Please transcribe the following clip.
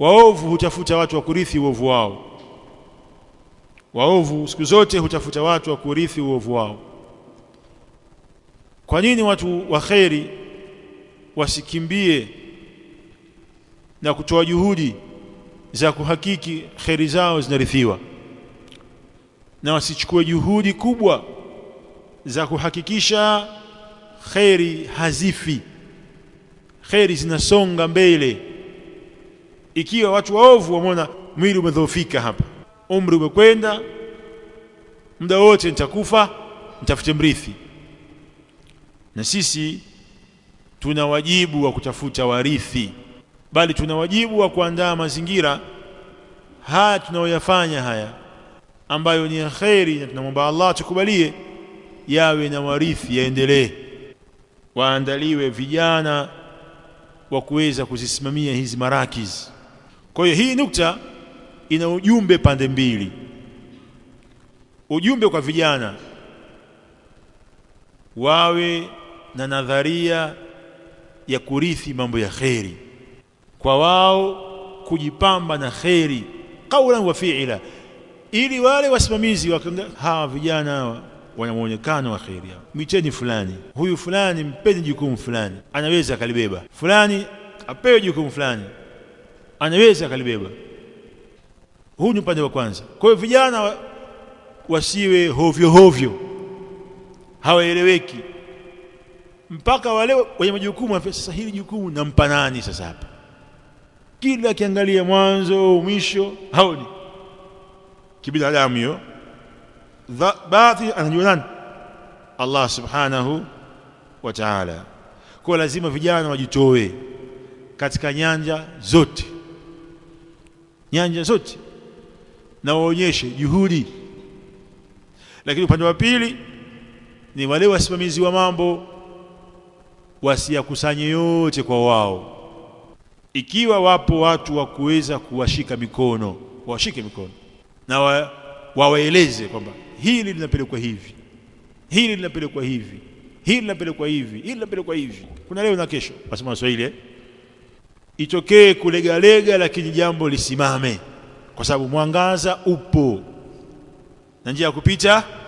waovu hutafuta watu wa kurithi uovu wao waovu siku zote hutafuta watu wa kurithi uovu wao kwa nini watu wa kheri wasikimbie na kutoa juhudi za kuhakiki kheri zao zinarithiwa na wasichukue juhudi kubwa za kuhakikisha kheri hazifi kheri zinasonga mbele ikiwa watu waovu wamona mwili umedhoofika hapa, umri umekwenda, muda wote nitakufa, nitafute mrithi. Na sisi tuna wajibu wa kutafuta warithi, bali tuna wajibu wa kuandaa mazingira haya tunayoyafanya haya ambayo ni kheri, na tunamwomba Allah tukubalie yawe na warithi, yaendelee. Waandaliwe vijana wa kuweza kuzisimamia hizi marakizi. Kwa hiyo hii nukta ina ujumbe pande mbili, ujumbe kwa vijana wawe na nadharia ya kurithi mambo ya kheri, kwa wao kujipamba na kheri qaulan wa fi'ila, ili wale wasimamizi hawa vijana hawa wana muonekano wa kheri. Hao micheni fulani, huyu fulani mpeni jukumu fulani, anaweza akalibeba, fulani apewe jukumu fulani anaweza akalibeba huu ni upande wa kwanza kwa hiyo vijana wasiwe hovyo hovyo hawaeleweki mpaka wale wenye majukumu afya sasa hili jukumu nampa nani sasa hapa kila akiangalia mwanzo mwisho haoni kibinadamu hiyo baadhi anajua nani Allah subhanahu wa ta'ala kwa lazima vijana wajitoe katika nyanja zote nyanja zote na waonyeshe juhudi. Lakini upande wa pili ni wale wasimamizi wa mambo wasiyakusanye yote kwa wao. Ikiwa wapo watu wa kuweza kuwashika mikono, washike mikono na wa, wawaeleze kwamba hili linapelekwa hivi, hili linapelekwa hivi, hili linapelekwa hivi, hili linapelekwa hivi, kuna leo na kesho, wasema Waswahili eh? itokee kulegalega, lakini jambo lisimame, kwa sababu mwangaza upo na njia ya kupita